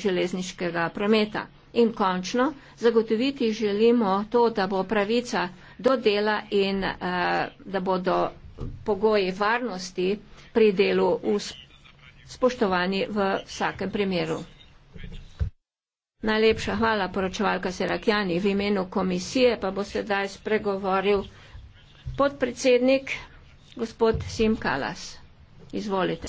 železniškega prometa. In končno, zagotoviti želimo to, da bo pravica do dela in eh, da bodo pogoji varnosti pri delu spoštovani v vsakem primeru. Najlepša hvala, poročevalka Serakjani. V imenu komisije pa bo sedaj spregovoril podpredsednik gospod Sim Kalas. Izvolite.